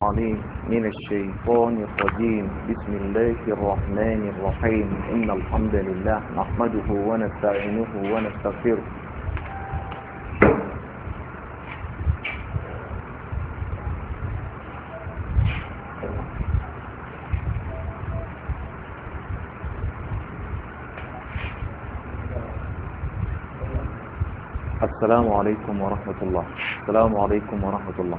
عليه من الشيطان الرجيم بسم الله الرحمن الرحيم إن الحمد لله نحمده ونستعينه ونستغفره السلام عليكم ورحمة الله السلام عليكم ورحمة الله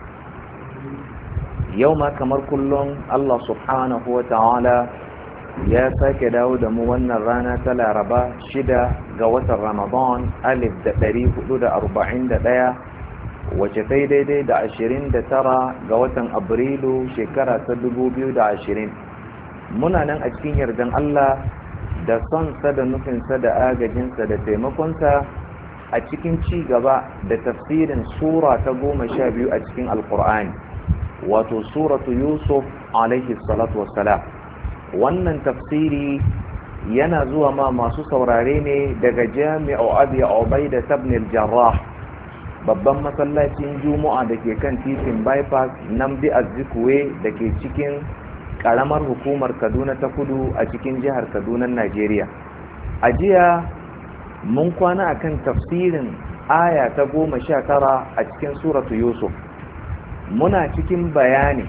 yau ma kamar kullum Allah subhanahu wa ta'ala ya sake dawo da mu wannan rana ta laraba shida ga watan ramadan alif da ɗari hudu da arba'in da ɗaya wace ta daidai da ashirin da tara ga watan abrilu shekara ta dubu biyu da ashirin muna nan a cikin yardan Allah da sonsa da nufinsa da agajinsa da taimakonsa a cikin ci gaba da tafsirin sura ta goma sha biyu a cikin alkur'ani wato suratu yusuf alaihi salatu wassalam wannan tafsiri yana zuwa ma masu saurare ne daga jami'u ya obai da jarrah babban masallacin juma'a da ke kan titin bypass nan bi azikuwe da ke cikin karamar hukumar kaduna ta kudu a cikin jihar kaduna najeriya a jiya mun kwana a kan tafsirin aya ta goma sha tara a cikin suratu yusuf muna cikin bayani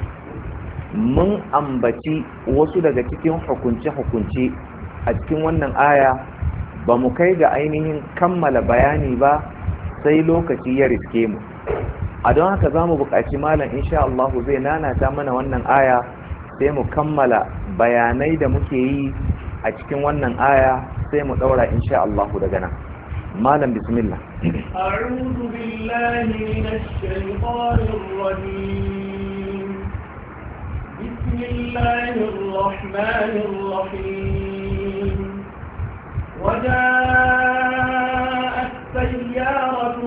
mun ambaci wasu daga cikin hukunce-hukunce a cikin wannan aya ba mu kai ga ainihin kammala bayani ba sai lokaci ya riske mu a don haka za mu buƙaci malam insha Allah zai nanata mana wannan aya sai mu kammala bayanai da muke yi a cikin wannan aya sai mu ɗaura insha Allah daga nan عمالا بسم الله أعوذ بالله من الشيطان الرجيم بسم الله الرحمن الرحيم وجاءت سيارة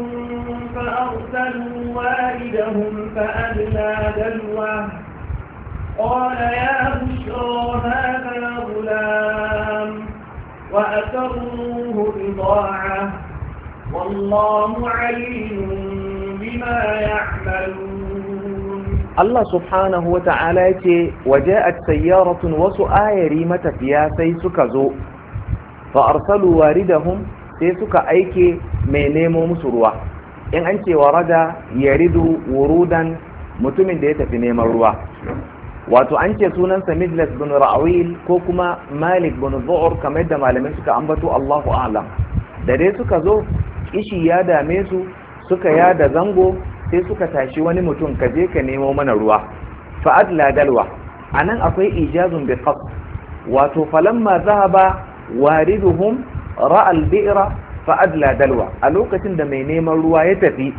فأرسلوا والدهم فأدلى دلوة قال يا بشرى هذا غلام وأتروه بضاعة والله عليم بما يعملون waje سبحانه وتعالى يتي وجاءت سيارة وسؤال ريمة فيها سيسكزو فأرسلوا واردهم sai suka aike mai nemo musu ruwa in an ce warada ya ridu wurudan mutumin da ya tafi neman ruwa wato an ce sunan midlas bin ra'awil ko kuma malik bin zu'ur kamar yadda malamin suka ambato allahu alam da dai suka zo ishi ya dame su suka yada zango sai suka tashi wani mutum ka je ka nemo mana ruwa fa'ad a nan akwai ijazun bi wato falamma zahaba wariduhum ra'al bi'ra fa'ad ladalwa, a lokacin da mai neman ruwa ya tafi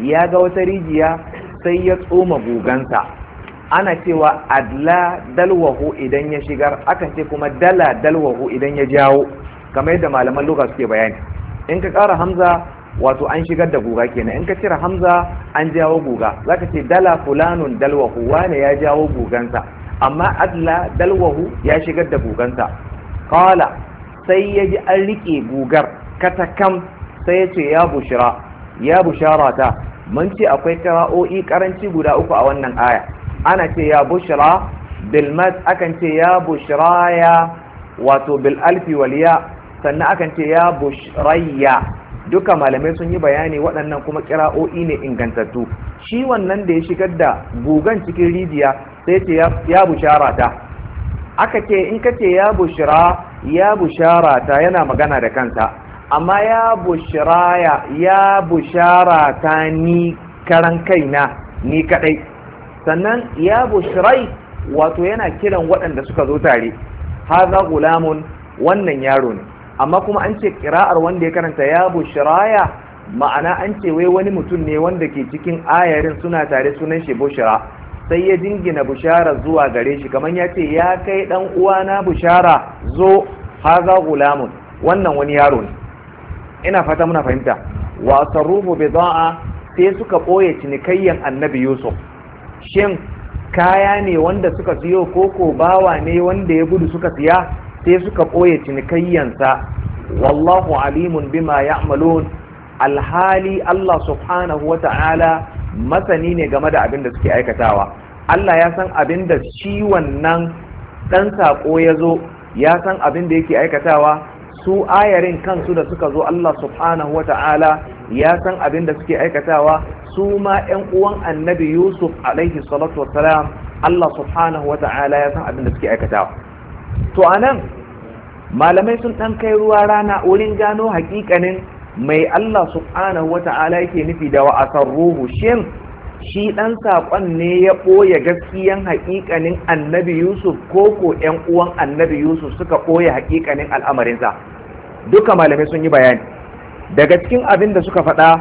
ya ga wata rijiya sai ya tsoma gugansa ana cewa adla dalwahu idan ya shigar akan ce kuma dala dalwahu idan ya jawo kamar yadda malaman lugha suke bayani in ka ƙara hamza wato an shigar da guga kenan in ka cire hamza an jawo guga zaka ce dala fulanun dalwahu wane ya jawo gugansa amma adla dalwahu ya shigar da gugansa qala sai ya ji an rike gugar katakam sai ya ce ya bushira ya bushara ta mun ce akwai karaoi karanci guda uku a wannan aya ana ce ya bushira bilmat akan ce ya bushira ya wato bil alfi wal ya sannan akan ce ya bushrayya duka malamai sun yi bayani waɗannan kuma kira'o'i ne ingantattu shi wannan da ya shigar da gugan cikin rijiya sai ce ya bushara ta aka ce in ka ce ya bushira ya bushara ta yana magana da kansa amma ya bushiraya ya bushara ta ni karan kaina ni kadai sannan ya wato yana kiran waɗanda suka zo tare haza gulamun wannan yaro ne amma kuma an ce kira'ar wanda ya karanta ya bushiraya ma'ana an ce wai wani mutum ne wanda ke cikin ayarin suna tare sunan shi bushira sai ya jingina bushara zuwa gare shi kamar ya ce ya kai dan uwana bushara zo haza gulamun wannan wani yaro ne ina fata muna fahimta wa sarrufu a? sai suka boye cinikayyan annabi yusuf shin kaya ne wanda suka siyo koko bawa ne wanda ya gudu suka siya sai suka ɓoye cinikayyansa wallahu alimun bima ya'malun alhali Allah subhanahu wa ta'ala masani ne game da abin da suke aikatawa Allah ya san abin da shi wannan ɗan saƙo ya zo ya san abin da yake aikatawa su ayarin kansu da suka zo Allah subhanahu wa ta'ala ya san abin da suke aikatawa su ma 'yan uwan annabi Yusuf alaihi salatu wa salam Allah subhanahu wa ta'ala ya san abin da suke aikatawa to anan malamai sun ɗan kai ruwa rana wurin gano hakikanin mai Allah subhanahu wa ta'ala yake nufi da wa'asar ruhu shin shi ɗan saƙon ne ya ɓoye gaskiyan haƙiƙanin annabi yusuf ko ko ‘yan uwan annabi yusuf suka ɓoye haƙiƙanin al'amarinsa duka malamai sun yi bayani daga cikin abin da suka faɗa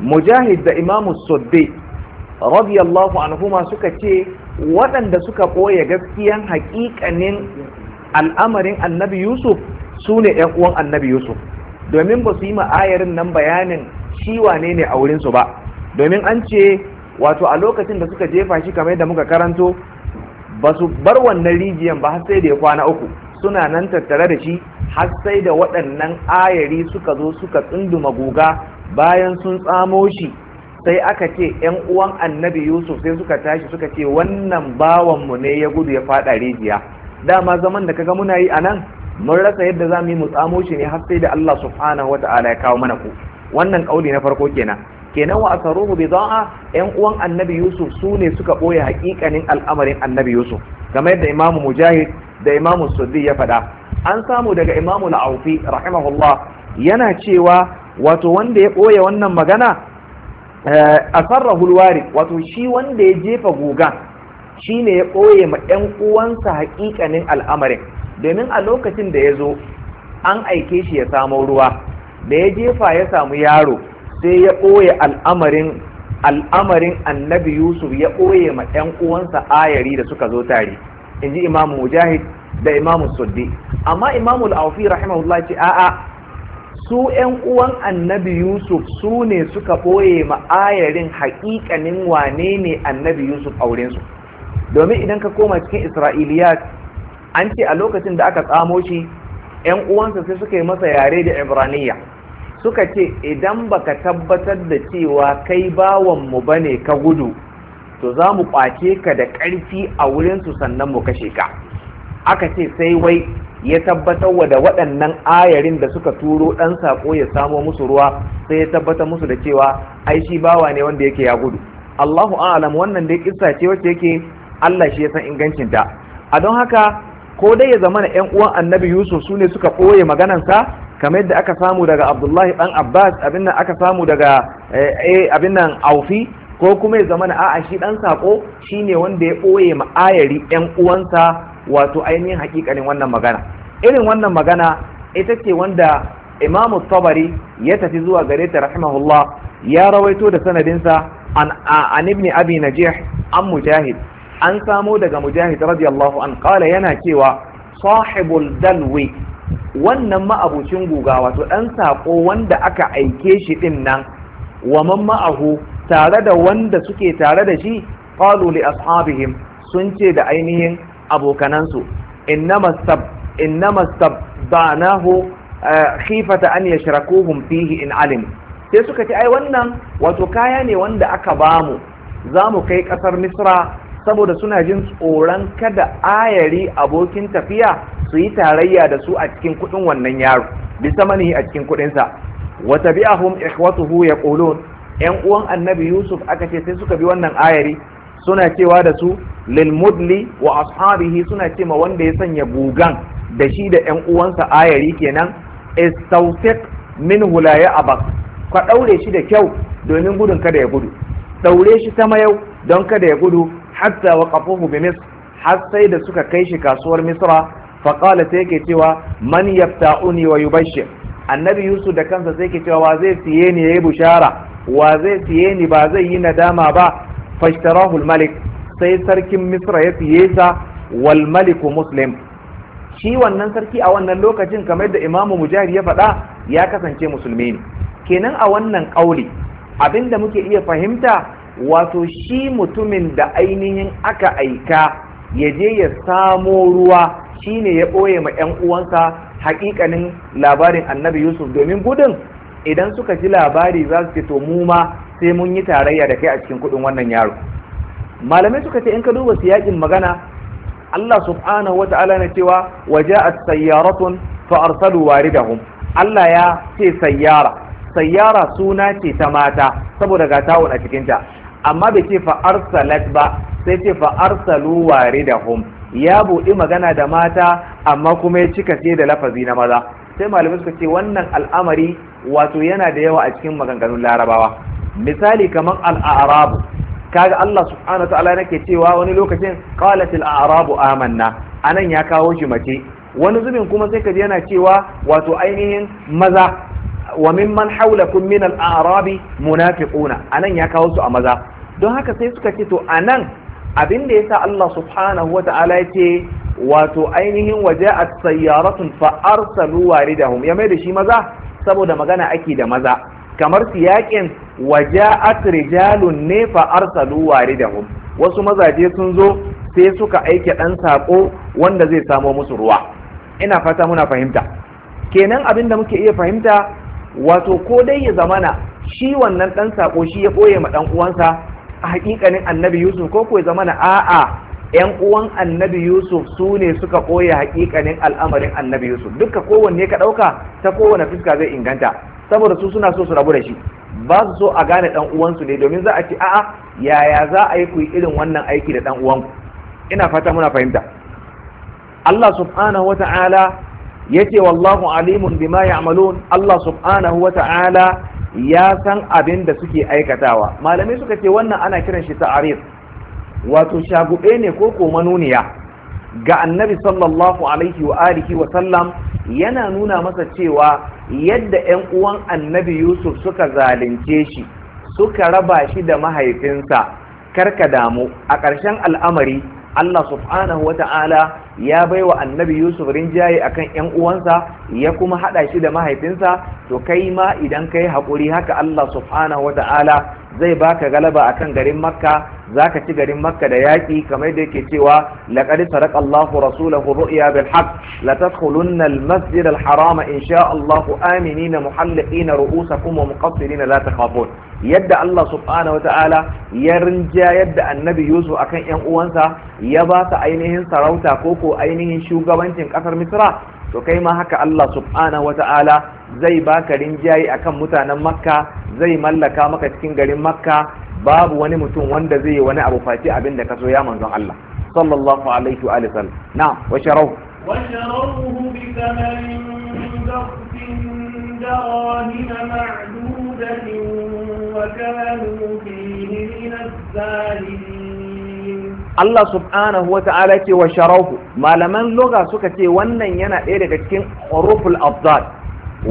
mujahid da imamu sodde radiyallahu anhuma suka ce waɗanda suka ɓoye gaskiyan haƙiƙanin al'amarin annabi yusuf su ne ‘yan uwan annabi yusuf domin ba su yi ma'ayarin nan bayanin shi wane ne a wurinsu ba domin an ce wato a lokacin da suka jefa shi kamar yadda muka karanto ba su bar wannan rijiyan ba sai da ya kwana uku suna nan tattare da shi har sai da waɗannan ayari suka zo suka tsunduma guga bayan sun tsamo shi sai aka ce ‘yan uwan annabi yusuf sai suka tashi suka ce wannan bawanmu ne ya gudu ya faɗa rijiya dama zaman da kaga muna yi anan mun rasa yadda za mu yi mu tsamo shi ne har sai da Allah subhanahu ta'ala ya kawo mana ku wannan kauli na farko kenan kenan wa asaruhu bida'a yan uwan annabi yusuf su ne suka boye hakikanin al'amarin annabi yusuf kamar yadda Imam mujahid da imamu suddi ya faɗa an samu daga imamu la'aufi rahimahullah yana cewa wato wanda ya boye wannan magana eh, asarrahul wari wato shi wanda ya jefa gugan Shi ne ya ɓoye ma 'yan uwansa haƙiƙanin al'amarin domin a lokacin da ya zo an aike shi ya samo ruwa da ya jefa ya samu yaro sai ya ɓoye al'amarin al'amarin annabi yusuf ya ɓoye ma 'yan uwansa ayari da suka zo tare in ji imamu mujahid da imamu suddi amma imamu al'afi rahimahullah ce a'a su 'yan uwan annabi yusuf su ne suka ɓoye ma ayarin haƙiƙanin wane annabi yusuf aurensu domin idan ka koma cikin isra'iliyat an ce a lokacin da aka tsamo shi yan uwansa sai suka yi masa yare da ibraniya suka ce idan baka tabbatar da cewa kai bawan mu bane ka gudu to za mu kwace ka da ƙarfi a wurinsu sannan mu kashe ka aka ce sai wai ya tabbatar wa da waɗannan ayarin da suka turo ɗan saƙo ya samo musu ruwa sai ya tabbatar musu da cewa ai shi bawa ne wanda yake ya gudu Allahu a'lam wannan dai kissa ce wacce yake Allah shi ya san ingancinta a don haka ko dai ya zama na ƴan uwan annabi yusuf su ne suka ɓoye maganansa kamar yadda aka samu daga abdullahi ɗan abbas abin nan aka samu daga eh, eh, abin nan aufi ko kuma ya zama na a'a shi ɗan saƙo shi ne wanda ya ɓoye ma ayari ƴan uwansa wato ainihin haƙiƙanin wannan magana irin wannan magana ita ce wanda imam tabari ya tafi zuwa gare ta rahimahullah ya rawaito da sanadinsa an ibn abi najih an mujahid an samo daga mujahid radiyallahu an yana cewa sahibul dalwi wannan ma'abucin guga wato dan sako wanda aka aike shi din nan wa man ma'ahu tare da wanda suke tare da shi qalu li ashabihim sun ce da ainihin abokanansu innama sab innama sabbanahu eh, khifata an yashrakuhum fihi in alim sai suka ce ai wannan wato kaya ne wanda aka bamu za mu kai kasar misra saboda suna jin tsoron kada ayari abokin tafiya su yi tarayya da su a cikin kuɗin wannan yaro bisa mani a cikin kuɗinsa wata bi'ahum ya yaqulun yan uwan annabi yusuf aka ce sai suka bi wannan ayari suna cewa da su lil mudli wa ashabihi suna ce ma wanda ya sanya gugan da shi da yan uwansa ayari kenan istawsiq min la ya abak ka shi da kyau domin gudun kada ya gudu daure shi ta mayau don kada ya gudu hatta wa bi misr har sai da suka kai shi kasuwar misra fa ta yake cewa man yafta'uni wa yubashshir annabi yusuf da kansa sai ke cewa wa zai siye ni yayi bushara wa zai siye ni ba zai yi nadama ba fashtarahu malik sai sarkin misra ya siye sa wal maliku muslim shi wannan sarki a wannan lokacin kamar da imamu mujahid ya faɗa ya kasance musulmi ne kenan a wannan ƙauli abinda muke iya fahimta wato shi mutumin da ainihin aka aika ya je ya samo ruwa shine ya ɓoye ma 'yan uwansa haƙiƙanin labarin annabi yusuf domin gudun idan suka ji labari za su ce to mu ma sai mun yi tarayya da kai a cikin kuɗin wannan yaro malamai suka ce in ka duba yakin magana Allah subhanahu wa ta'ala na cewa waje waja'at sayyaratun fa da waridahum Allah ya ce sayyara sayyara suna ce ta mata saboda ga tawun a cikinta amma bai ce fa ba sai ce fa da waridahum ya buɗi magana da mata amma kuma ya cika ce da lafazi na maza sai malamai suka ce wannan al'amari wato yana da yawa a cikin maganganun larabawa misali kamar al'arabu kaga Allah subhanahu ta'ala nake cewa wani lokacin qalatil a'rabu amanna anan ya kawo shi mace wani zubin kuma sai kaji yana cewa wato ainihin maza wa mimman haulakum min al-a'rabi munafiquna anan ya kawo su a maza don haka sai suka ce to a nan abin da ya sa Allah subhanahu wa ta'ala ya ce wato ainihin waje a sayyaratun da hum ya mai da shi maza saboda magana ake da maza kamar su yakin waje a rijalun ne fa'ar da waridahum wasu mazaje sun zo sai suka aike ɗan saƙo wanda zai samo musu ruwa ina fata muna fahimta kenan abin da muke iya fahimta wato ko dai ya zamana shi wannan ɗan saƙo shi ya ɓoye ma ɗan uwansa haƙiƙanin annabi yusuf ko kuwa zama na a'a yan uwan annabi yusuf su ne suka ɓoye haƙiƙanin al'amarin annabi yusuf duka kowanne ka ɗauka ta kowane fuska zai inganta saboda su suna so su rabu da shi ba su so a gane ɗan uwansu ne domin za a ce a'a yaya za a yi ku irin wannan aiki da ɗan uwanku ina fata muna fahimta Allah subhanahu wata'ala yace wallahu alimun bima ya'malun Allah subhanahu wata'ala ya san abin da suke aikatawa malamai suka ce wannan ana kiran shi ta'arif wato shagube ne ko ko manuniya ga annabi sallallahu alaihi wa alihi wa sallam yana nuna masa cewa yadda 'yan uwan annabi yusuf suka zalunce shi suka raba shi da mahaifinsa karka damu a ƙarshen al'amari Allah subhanahu wata'ala ya baiwa annabi Yusuf rinjaye akan ƴan uwansa ya kuma hada shi da mahaifinsa to kai ma idan kai hakuri haka Allah subhanahu wata'ala zai baka galaba akan garin Makka zaka ci garin Makka da yaƙi kamar da yake cewa laqad saraka Allahu rasulahu ru'ya bil haqq la tadkhulunna al masjid al harama insha Allah aminina muhalliqina ru'usakum wa muqassirina la takhafun yadda Allah subhanahu wata'ala ya rinja yadda annabi Yusuf akan yan uwansa ya ba su ainihin sarauta ko ko ainihin shugabancin kasar Misra to kai ma haka Allah subhanahu wata'ala zai baka rinjaye akan mutanen Makka zai mallaka maka cikin garin Makka babu wani mutum wanda zai yi wani abu face abin da ka so ya manzon Allah sallallahu alaihi wa sallam na'am wa sharahu wa sharahu bi thamanin darahin ma'dudatin وكانوا فيه من الزاهدين الله سبحانه وتعالى ce wa sharahu malaman lugha suka ce wannan yana ɗaya daga cikin huruful afdal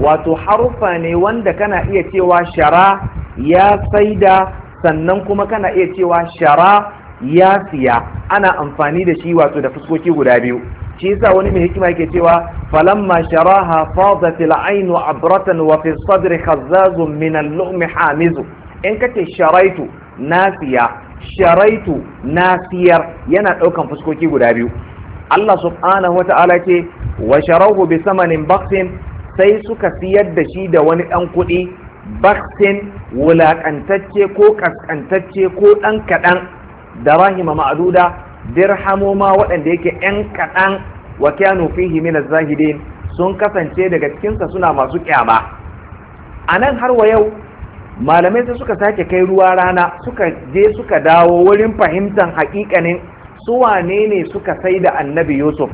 wato haruffa ne wanda kana iya cewa shara ya saida sannan kuma kana iya cewa shara ya siya ana amfani da shi wato da fuskoki guda biyu shi yasa wani mai hikima yake cewa falamma sharaha fadat al-ayn abratan wa fi sadri khazzazun min al-lu'm hamizu in kace sharaitu siya sharaitu siyar yana daukan fuskoki guda biyu Allah subhanahu wata'ala ce wa sharahu bi samanin baksin sai suka siyar da shi da wani dan kuɗi baksin wulakantacce ko kaskantacce ko dan kaɗan da rahima ma'aduda dirhamo ma waɗanda yake 'yan kaɗan wa kanu fihi min az-zahidin sun kasance daga cikin sa suna masu kyama anan har wa yau malamai sai suka sake kai ruwa rana suka je suka dawo wurin fahimtar haƙiƙanin su wane ne suka sai da annabi yusuf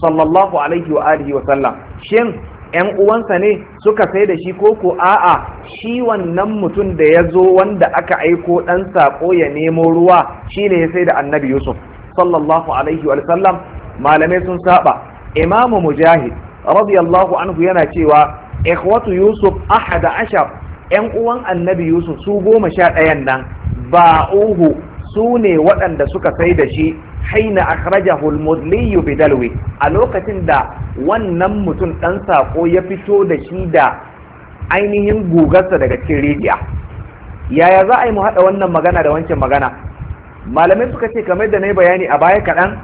sallallahu alaihi wa alihi wa sallam shin ‘yan uwansa ne suka sai da shi koko a'a shi wannan mutum da ya zo wanda aka aiko ɗan saƙo ya nemo ruwa shine ya sai da annabi yusuf sallallahu alaihi wa sallam malamai sun saba imamu mujahid radiyallahu anhu yana cewa ikhwatu yusuf ahada ashar yan uwan annabi yusuf su goma sha ɗayan nan uhu su ne waɗanda suka sai da shi haina akhrajahu al bidalwi a lokacin da wannan mutum ɗan sako ya fito da shi da ainihin gugarsa daga cikin rijiya yaya za a yi mu haɗa wannan magana da wancan magana malamai suka ce kamar da na yi bayani a baya kaɗan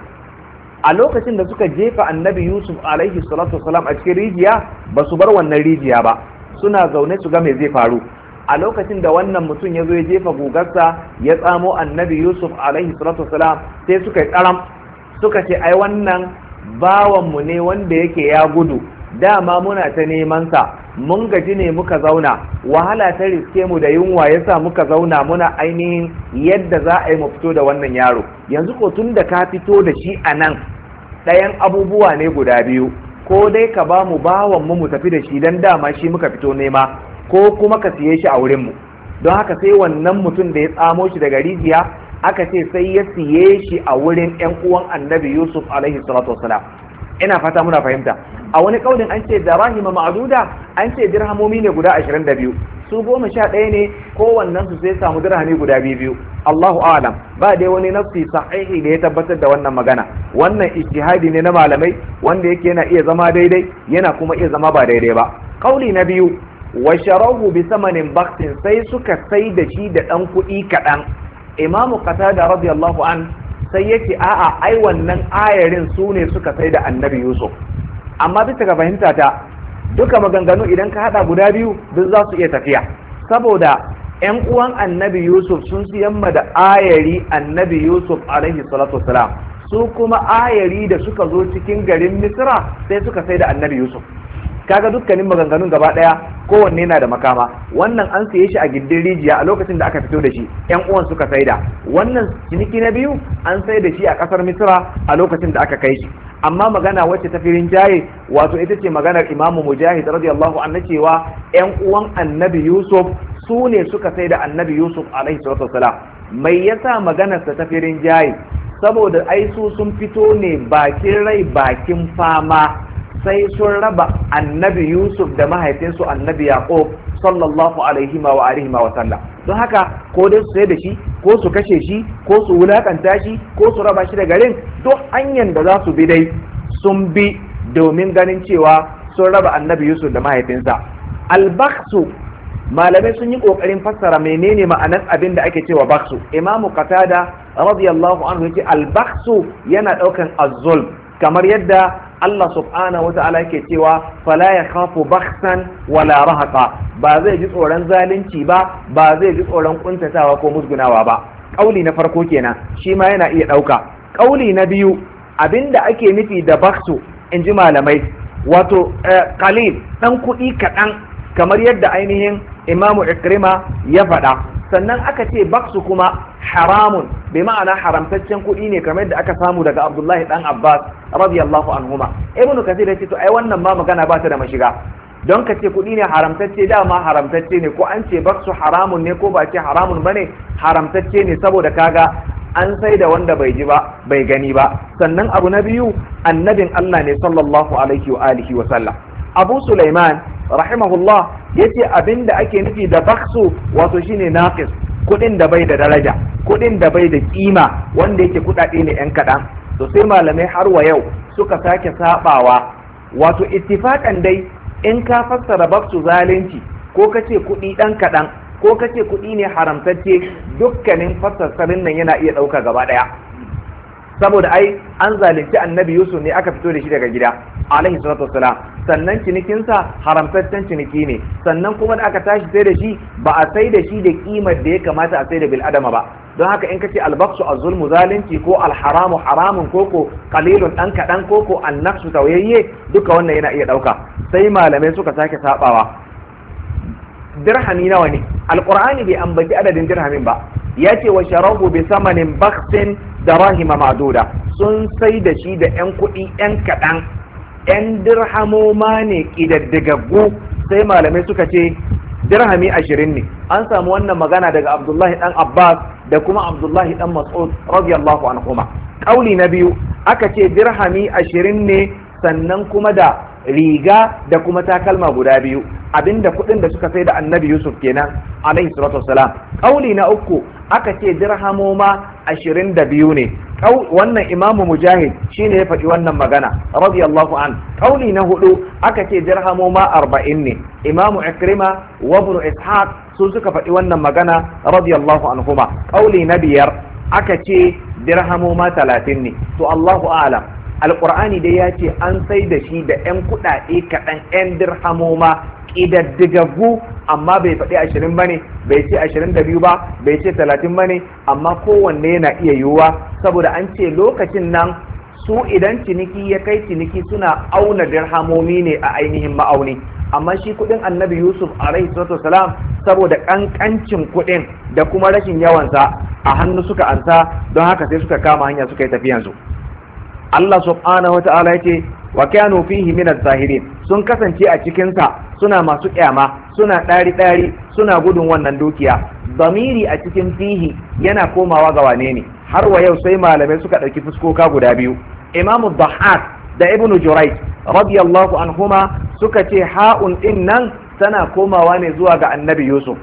a lokacin da suka jefa annabi yusuf alaihi salatu wasalam a cikin rijiya ba su bar wannan rijiya ba suna zaune su ga mai zai faru a lokacin da wannan mutum ya zo ya jefa gugarsa ya tsamo annabi yusuf alaihi salatu wasalam sai suka yi tsaram suka ce ai wannan bawanmu ne wanda yake ya gudu dama muna ta nemansa mun gaji ne muka zauna wahala ta riske mu da yunwa yasa muka zauna muna ainihin yadda za a yi mu fito da wannan yaro yanzu ko tun da ka fito da shi a nan ɗayan abubuwa ne guda biyu ko dai ka ba mu bawan mu mu tafi da shi dan dama shi muka fito nema ko kuma ka siye shi a wurin mu don haka sai wannan mutum da ya tsamo shi daga rijiya aka ce sai ya siye shi a wurin 'yan uwan annabi yusuf alaihi salatu wasalam ina fata muna fahimta a wani kaulin an ce darahima Ma'aduda? an ce dirhamomi ne guda 22 su goma sha ɗaya ne kowannen su sai samu dirhami guda biyu Allahu a'lam ba dai wani nafsi sahihi da ya tabbatar da wannan magana wannan ijtihadi ne na malamai wanda yake yana iya zama daidai yana kuma iya zama ba daidai ba kauli na biyu wa sharahu bi samanin baktin sai suka sai da shi da dan kuɗi kaɗan imamu qatada radiyallahu an sai yake a'a ai wannan ayarin su ne suka sai da annabi yusuf amma bisa ga fahimta ta duka maganganu idan ka hada guda biyu duk za su iya tafiya saboda yan uwan annabi yusuf sun siyamma da ayari annabi yusuf alaihi salatu wasalam su kuma ayari da suka zo cikin garin misra sai suka sai da annabi yusuf kaga dukkanin maganganun gaba daya kowanne yana da makama wannan an saye shi a gindin rijiya a lokacin da aka fito da shi yan uwan suka saida wannan ciniki na biyu an sai da shi a kasar misra a lokacin da aka kai shi amma magana wacce ta firin jaye wato ita ce maganar imamu mujahid radiyallahu anhu cewa yan uwan annabi yusuf su ne suka sai da annabi yusuf alaihi salatu mai yasa maganarsa ta firin jaye saboda ai su sun fito ne bakin rai bakin fama sai sun raba annabi yusuf da mahaifinsu annabi yaqub sallallahu alaihi wa alihi wa sallam don haka ko dai su sai da shi ko su kashe shi ko su wulakanta shi ko su raba shi da garin duk hanyar da za su bi dai sun bi domin ganin cewa sun raba annabi yusuf da mahaifinsa albaksu malamai sun yi kokarin fassara menene ma'anar abin da ake cewa baksu imamu qatada radiyallahu anhu yace albaksu yana daukan azzul kamar yadda Allah subhanahu ta'ala yake cewa fala ya khafu bakhsan wala rahaqa ba zai ji tsoron zalunci ba ba zai ji tsoron kuntatawa ko musgunawa ba kauli na farko kenan shi ma yana iya dauka kauli na biyu abinda ake nufi da bakhsu in ji malamai wato eh, qalil dan kuɗi kaɗan kamar yadda ainihin imamu ikrima ya faɗa sannan aka ce baksu kuma haramun bai ma'ana haramtaccen kuɗi ne kamar yadda aka samu daga abdullahi dan abbas radiyallahu anhuma ibnu kasir ya ce to ai wannan ma magana ba ta da mashiga don ka ce kuɗi ne haramtacce dama haramtacce ne ko an ce baksu haramun ne ko ba ce haramun bane haramtacce ne saboda kaga an sai da wanda bai ji ba bai gani ba sannan abu na biyu annabin Allah ne sallallahu alaihi wa alihi wa sallam abu sulaiman rahimahullah yace abin da ake nufi da baksu wato shine naqis kudin da bai da daraja kudin da bai da kima wanda yake kudade ne yan kaɗan to sai malamai har wa yau suka sake sabawa wato ittifaqan dai in ka fassara baksu zalunci ko kace kudi ɗan kaɗan ko kace kudi ne haramtacce dukkanin fassasarin nan yana iya ɗauka gaba ɗaya saboda ai an zalunci annabi yusuf ne aka fito da shi daga gida alaihi salatu wassalam sannan cinikinsa haramtaccen ciniki ne sannan kuma da aka tashi sai da shi ba a sai da shi da kimar da ya kamata a sai da bil'adama ba don haka in kace albaksu azulmu zalunci ko alharamu haramun koko kalilun dan kadan koko annafsu tawayye duka wannan yana iya dauka sai malamai suka sake sabawa dirhami nawa ne alqur'ani bai ambaci adadin dirhamin ba yace wa sharahu bi samanin baksin rahima ma'duda sun sai da shi da yan kuɗi yan kaɗan 'yan dirhamoma ne ƙidaddagaggu sai malamai suka ce dirhami ashirin ne an samu wannan magana daga abdullahi dan abbas da kuma abdullahi dan mas'ud radiyallahu anhuma kauli na biyu aka ce dirhami ashirin ne sannan kuma da riga da kuma takalma guda biyu abinda kuɗin da suka sai da annabi yusuf kenan alaihi salatu Salaam. kauli na uku aka ce dirhamoma ashirin da biyu ne wannan imamu mujahid shine ya faɗi wannan magana radiyallahu an kauli na hudu aka ce dirhamu ma arba'in ne imamu ikrima wa ibn ishaq su suka faɗi wannan magana radiyallahu anhuma kauli na biyar aka ce dirhamu ma talatin ne to allahu a'lam alqur'ani dai ya ce an sai da shi da yan kuɗaɗe kaɗan yan dirhamu ma ƙidaddigaggu amma bai faɗi ashirin ba ne bai ce ashirin da biyu ba bai ce talatin ba ne amma kowanne yana iya yiwuwa saboda an ce lokacin nan su idan ciniki ya kai ciniki suna auna dirhamomi ne a ainihin ma'auni amma shi kuɗin annabi yusuf alaihi salatu salam saboda ƙanƙancin kuɗin da kuma rashin yawansa a hannu suka ansa don haka sai suka kama hanya suka yi tafiyansu Allah subhanahu wa ta'ala ya ce wa kanu fihi min zahirin sun kasance a cikin sa suna masu kyama suna dari dari suna gudun wannan dukiya zamiri a cikin fihi yana komawa ga wane ne har wa yau sai malamai suka ɗauki fuskoka guda biyu imamu dhahak da ibnu jurayj radiyallahu anhuma suka ce ha'un din nan tana komawa ne zuwa ga annabi yusuf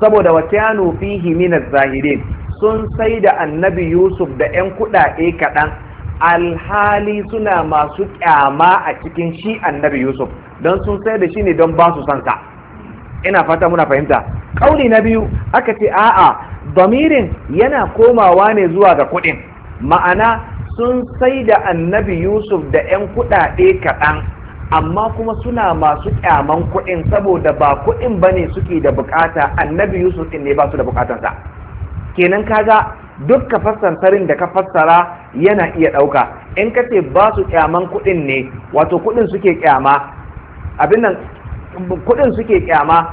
saboda wa kanu fihi min zahirin sun sai da annabi yusuf da yan kuɗaɗe kaɗan alhali suna masu kyama a cikin shi annabi yusuf don sun sai da shi ne don ba su sansa ina fata muna fahimta kauli na biyu aka ce a'a damirin yana komawa ne zuwa ga kuɗin ma'ana sun sai da annabi yusuf da 'yan kuɗaɗe kaɗan amma kuma suna masu kyaman kuɗin saboda ba kuɗin ba ne suke da bukata annabi yusuf ɗin ne ba su da bukatansa kenan kaga duk ka sarin da ka fassara yana iya ɗauka in ka ce ba su kyaman kuɗin ne wato kuɗin suke kyama abin nan kuɗin suke kyama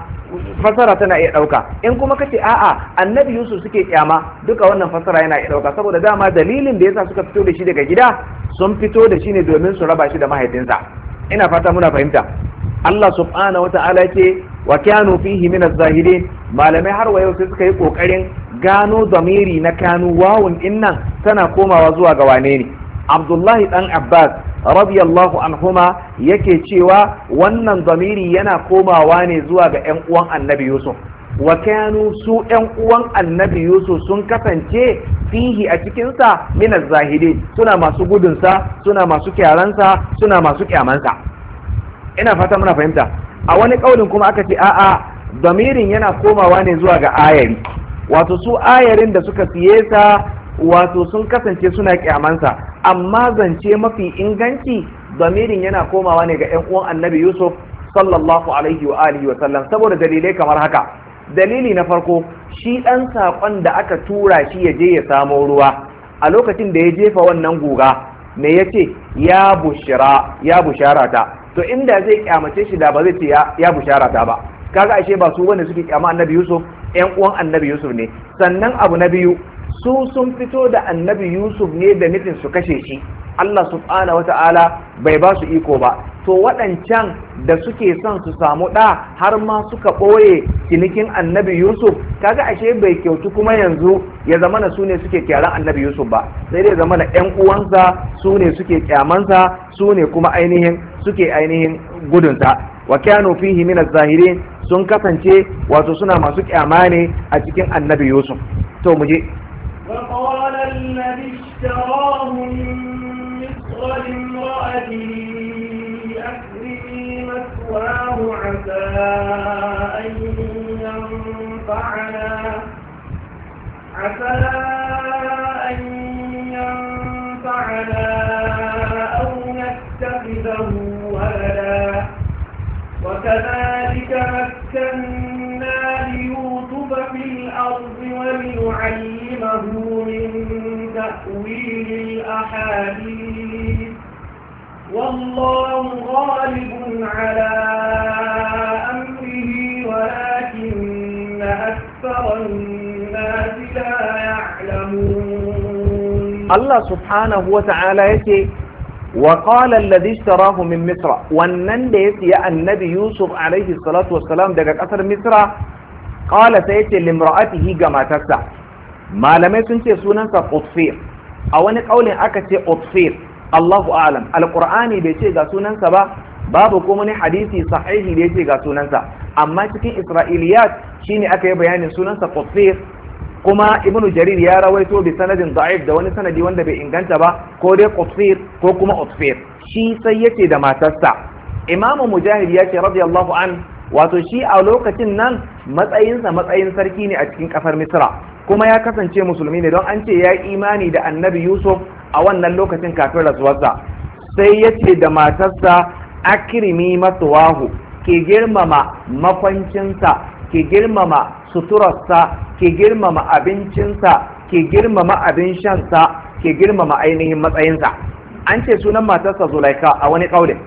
fasara tana iya ɗauka in kuma ka ce a'a annabi yusuf suke kyama duka wannan fassara yana iya ɗauka saboda dama dalilin da yasa suka fito da shi daga gida sun fito da shi ne domin su raba shi da mahaifinsa ina fata muna fahimta Allah subhanahu Ta'ala ce wa kanu fihi min az-zahirin malamai har wa yau sai suka yi kokarin gano zamiri na kanu wawun nan tana komawa zuwa ga wane ne abdullahi dan abbas radiyallahu anhuma yake cewa wannan zamiri yana komawa ne zuwa ga yan uwan annabi yusuf wa kanu su yan uwan annabi yusuf sun kasance fihi a cikinsa minas zahidi suna masu gudunsa suna masu kyaransa suna masu kyamansa ina fata muna fahimta a wani ƙaunin kuma aka ce a'a zamirin yana komawa ne zuwa ga ayari wato su ayarin da suka siye sa wato sun kasance suna kyamansa amma zance mafi inganci damirin yana komawa ne ga 'yan uwan annabi yusuf sallallahu alaihi wa alihi wa sallam saboda dalilai kamar haka dalili na farko shi ɗan sakon da aka tura shi ya je ya samo ruwa a lokacin da ya jefa wannan guga me ya ce ya bushira ya bushara ta to inda zai kyamace shi da ba zai ce ya bushara ta ba kaga ashe ba su wanda suke kyama annabi yusuf yan uwan annabi yusuf ne sannan abu na biyu su sun fito da annabi yusuf ne da nufin su kashe shi Allah subhanahu wata'ala bai ba su iko ba to waɗancan da suke son su samu ɗa har ma suka ɓoye cinikin annabi yusuf kaga ashe bai kyautu kuma yanzu ya zama na su suke kyaran annabi yusuf ba sai dai zama na 'yan uwansa su ne suke kyamansa su ne kuma ainihin suke ainihin gudunsa wa kyanu fihi min zahirin sun kasance wato suna masu kyama ne a cikin annabi yusuf to mu je وقال الذي اشتراه امرأتي أكرمي مثواه عسى أن ينفعنا عسى أن ينفعنا أو نتخذه ولدا وكذلك مكنا ليوسف في الأرض ولنعلمه من تأويل الأحاديث والله غالب على أمره ولكن أكثر الناس لا يعلمون الله سبحانه وتعالى يكي وقال الذي اشتراه من مصر والنندس يا النبي يوسف عليه الصلاة والسلام دقى أثر مصر قال سيتي لامرأته كما تسع ما لم يسنسي سننسى قطفير أو أنك أولي أكتي قطفير Allahu a'lam alqur'ani bai ce ga sunansa ba babu kuma ne hadisi sahihi da yace ga sunansa amma cikin isra'iliyat shine aka yi bayanin sunansa qutbir kuma ibn jarir ya rawaito bi sanadin da'if da wani sanadi wanda bai inganta ba ko dai qutbir ko kuma utfir shi sai yace da matarsa imamu mujahid ya ce radiyallahu an wato shi a lokacin nan matsayinsa matsayin sarki ne a cikin kafar misra kuma ya kasance musulmi ne don an ce ya imani da annabi yusuf a wannan lokacin kafin rasuwarsa sai ya ce da matarsa akirimi masuwahu ke girmama makwancinsa ke girmama suturarsa ke girmama abincinsa ke girmama abin shansa ke girmama ainihin matsayinsa an ce sunan matarsa zulaika a wani ƙaunin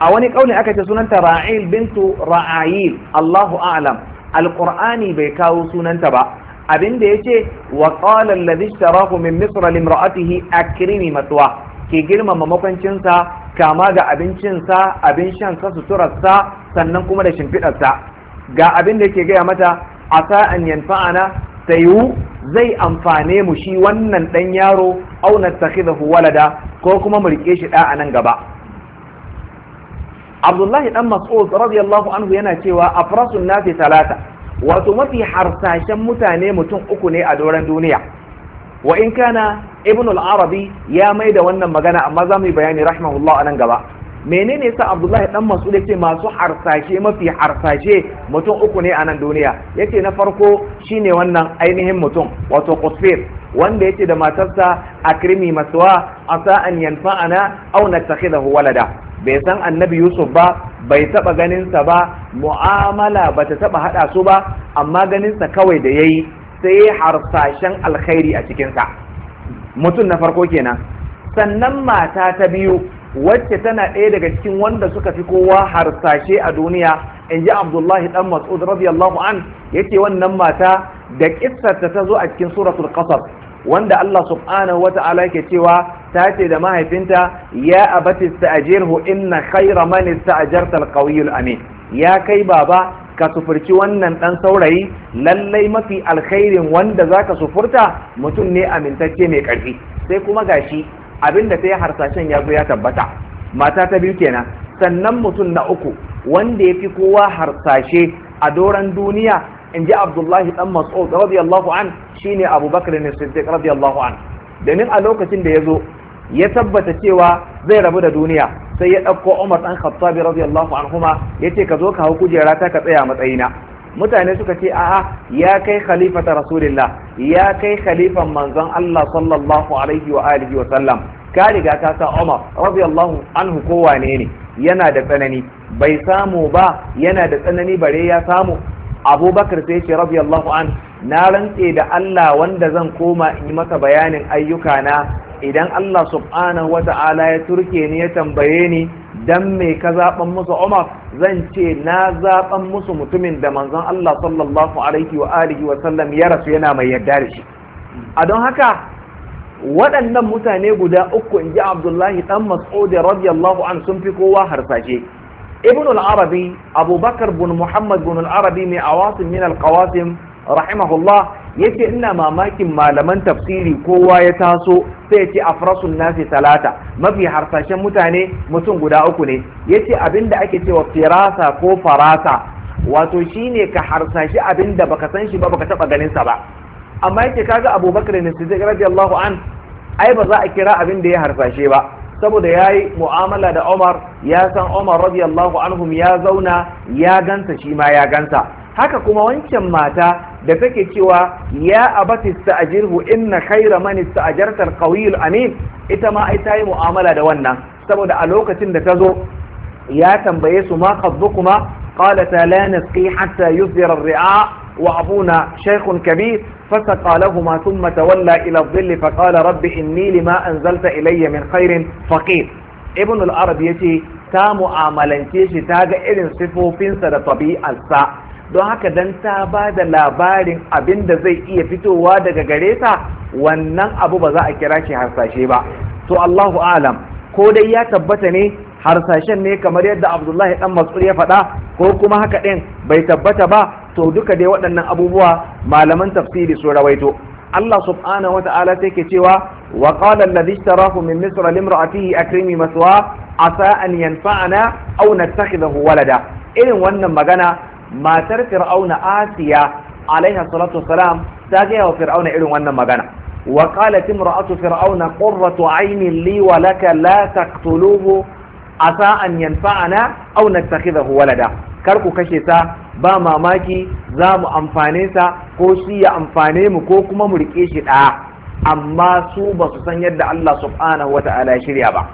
a wani ƙaunin aka ce sunanta ra'il bintu ra'ayil allahu a'lam alkur'ani bai kawo sunanta ba abin da yace wa qala alladhi ishtarahu min misra limra'atihi Kirimi matwa ke girmama makwancinsa kama ga abincinsa abin shan sa suturarsa sannan kuma da shimfiɗarsa ga abin da yake gaya mata asa an yanfa'ana sayu zai amfane mu shi wannan ɗan yaro au nattakhidahu walada ko kuma mu riƙe shi ɗa a nan gaba Abdullahi dan Mas'ud radiyallahu anhu yana cewa afrasun nasi talata wato mafi harsashen mutane mutum uku ne a doron duniya wa in kana ibn al-arabi ya mai da wannan magana amma za mu yi bayani rahimahullah anan gaba menene yasa abdullahi dan mas'ud yace masu harsashe mafi harsashe mutum uku ne a nan duniya yace na farko shine wannan ainihin mutum wato qutfir wanda yace da matarsa akrimi maswa asa an yanfa'ana aw natakhidahu walada bai san annabi yusuf ba bai taba ganinsa ba mu'amala ba ta taba hada su ba amma ganinsa kawai da yayi sai harsashen alkhairi a cikinsa mutum na farko kenan sannan mata ta biyu wacce tana ɗaya daga cikin wanda suka fi kowa harsashe a duniya in ji abdullahi dan mas'ud radiyallahu an yace wannan mata da kissarta ta zo a cikin suratul qasas wanda Allah subhanahu wa ta'ala yake cewa ta ce da mahaifinta ya abati sta'jirhu inna khayra man a al-qawiyul amin ya kai baba ka sufurci wannan dan saurayi lallai mafi alkhairin wanda zaka sufurta mutum ne amintacce mai karfi sai kuma gashi abinda ta yi harsashen ya zo ya tabbata mata ta biyu kenan sannan mutum na uku wanda ya fi kowa harsashe a doron duniya in ji abdullahi dan mas'ud radiyallahu an shine abubakar ne siddiq radiyallahu an domin a lokacin da ya zo ya tabbata cewa zai rabu da duniya sai ya ɗauko umar dan khattabi radiyallahu anhuma ya ce ka zo ka hau kujera ta ka tsaya matsayina mutane suka ce a'a ya kai khalifata rasulillah ya kai khalifan manzon Allah sallallahu alaihi wa alihi wa sallam ka riga ka sa Umar radiyallahu anhu kowane ne yana da tsanani bai samu ba yana da tsanani bare ya samu abubakar sai ce radiyallahu an na rantse da Allah wanda zan koma in yi masa bayanin ayyukana idan Allah subhanahu wa ta'ala ya turke ni ya tambaye ni dan me ka zaban musu Umar zan ce na zaban musu mutumin da manzon Allah sallallahu alaihi wa alihi wa sallam ya rasu yana mai yarda da shi a don haka waɗannan mutane guda uku in ji Abdullahi dan Mas'ud radiyallahu an sun fi kowa harsashe ابن العربي أبو بكر بن محمد mai العربي من عواصم من القواسم رحمه yace ina mamakin malaman tafsiri kowa ya taso sai ya ce afrasun nasi talata mafi harsashen mutane mutum guda uku ne yace abinda ake cewa firasa ko farasa wato shine ka harsashi abinda baka san shi ba baka taba ganin sa ba amma yake kaga abubakar ne siddiq radiyallahu an ai ba za a kira abinda ya harsashe ba saboda ya yi mu'amala da Umar ya san Umar radiyallahu anhum ya zauna ya ganta shi ma ya ganta haka kuma wancan mata da take cewa ya abati ista'jirhu inna khayra man a jartar qawiyyu amin ita ma ai ta yi mu'amala da wannan saboda a lokacin da ta zo ya tambaye su ma khadhukuma qalata la nasqi hatta yusdira ar-ri'a وأبونا شيخ كبير فسقى لهما ثم تولى إلى الظل فقال رب إني لما أنزلت إلي من خير فقير ابن العرب يتي ta mu'amalance shi ta ga irin sifofinsa da tabi'arsa don haka dan ta ba da labarin abin da zai iya fitowa daga gare ta wannan abu ba za a kira shi harsashe ba to Allahu alam ko dai ya tabbata ne harsashen ne kamar yadda Abdullahi dan Mas'ud ya faɗa ko kuma haka ɗin bai tabbata ba to duka dai waɗannan abubuwa malaman tafsiri su rawaito Allah subhanahu wata'ala sai ke cewa wa qala alladhi ishtarahu min misra limra'atihi akrimi maswa asa an yanfa'ana aw nattakhidahu walada irin wannan magana matar fir'auna asiya alaiha salatu wassalam ta ga wa fir'auna irin wannan magana wa qalat imra'atu fir'auna qurratu aynin li wa laka la taqtuluhu asa an yanfa'ana aw nattakhidahu walada kar ku kashe ta ba mamaki za mu amfane sa ko shi ya amfane mu ko kuma mu riƙe shi ɗaya amma su ba su san yadda Allah subhanahu wa ta'ala ya shirya ba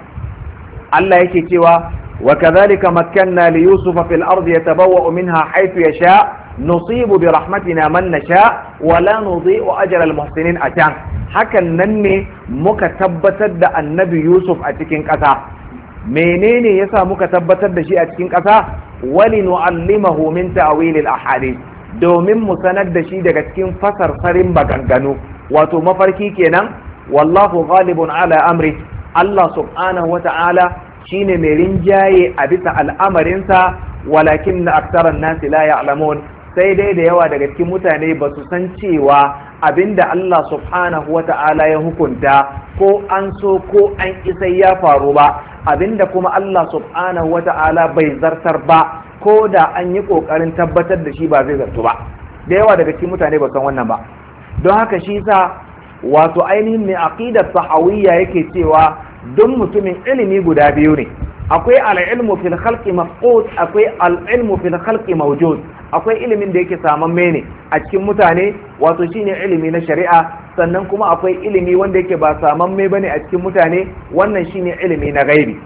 Allah yake cewa wa kadhalika makkanna li yusufa fil ardi yatabawwa'u minha haythu yasha' nusibu bi rahmatina man nasha wa la nudhi'u ajra al muhsinin a can hakan nan ne muka tabbatar da annabi yusuf a cikin ƙasa menene yasa muka tabbatar da shi a cikin ƙasa wali nu'allimahu min ta'wilil domin mu sanar da shi daga cikin fasarsarin maganganu wato mafarki kenan wallahu ghalibun ala amri Allah subhanahu wata'ala shine mai rinjaye a bisa al'amarinsa walakin na aktaran nasi la ya'lamun sai dai da yawa daga cikin mutane ba su san cewa abin da Allah subhanahu wata'ala ya hukunta ko an so ko an isa ya faru ba abin da kuma Allah subhanahu wata'ala bai zartar ba ko da an yi kokarin tabbatar da shi ba zai zartu ba da yawa daga cikin mutane ba san wannan ba don haka shi sa wato ainihin mai aqidar sahawiyya yake cewa duk mutumin ilimi guda biyu ne akwai al'ilmu fil khalqi mafqud akwai al'ilmu fil khalqi mawjud akwai ilimin da yake saman mene a cikin mutane wato shine ilimi na shari'a sannan kuma akwai ilimi wanda yake ba saman mai bane a cikin mutane wannan shine ilimi na gaibi